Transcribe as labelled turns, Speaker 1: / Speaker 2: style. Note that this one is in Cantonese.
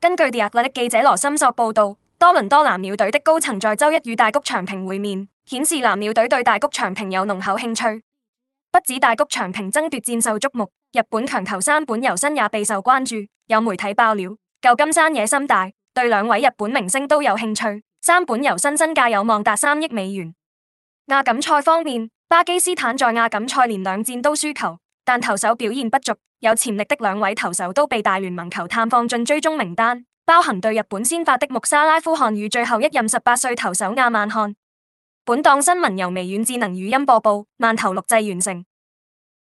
Speaker 1: 根據日立的記者羅森索報道，多倫多藍鳥隊的高層在周一與大谷翔平會面，顯示藍鳥隊對大谷翔平有濃厚興趣。不止大谷翔平爭奪戰受矚目，日本強求山本由伸也備受關注。有媒體爆料，舊金山野心大，對兩位日本明星都有興趣。山本由伸身價有望達三億美元。亞錦賽方面，巴基斯坦在亞錦賽連兩戰都輸球。但投手表現不足，有潛力的兩位投手都被大聯盟球探放進追蹤名單，包含對日本先發的穆沙拉夫汗與最後一任十八歲投手亞曼漢。本檔新聞由微軟智能語音播報，慢投錄製完成。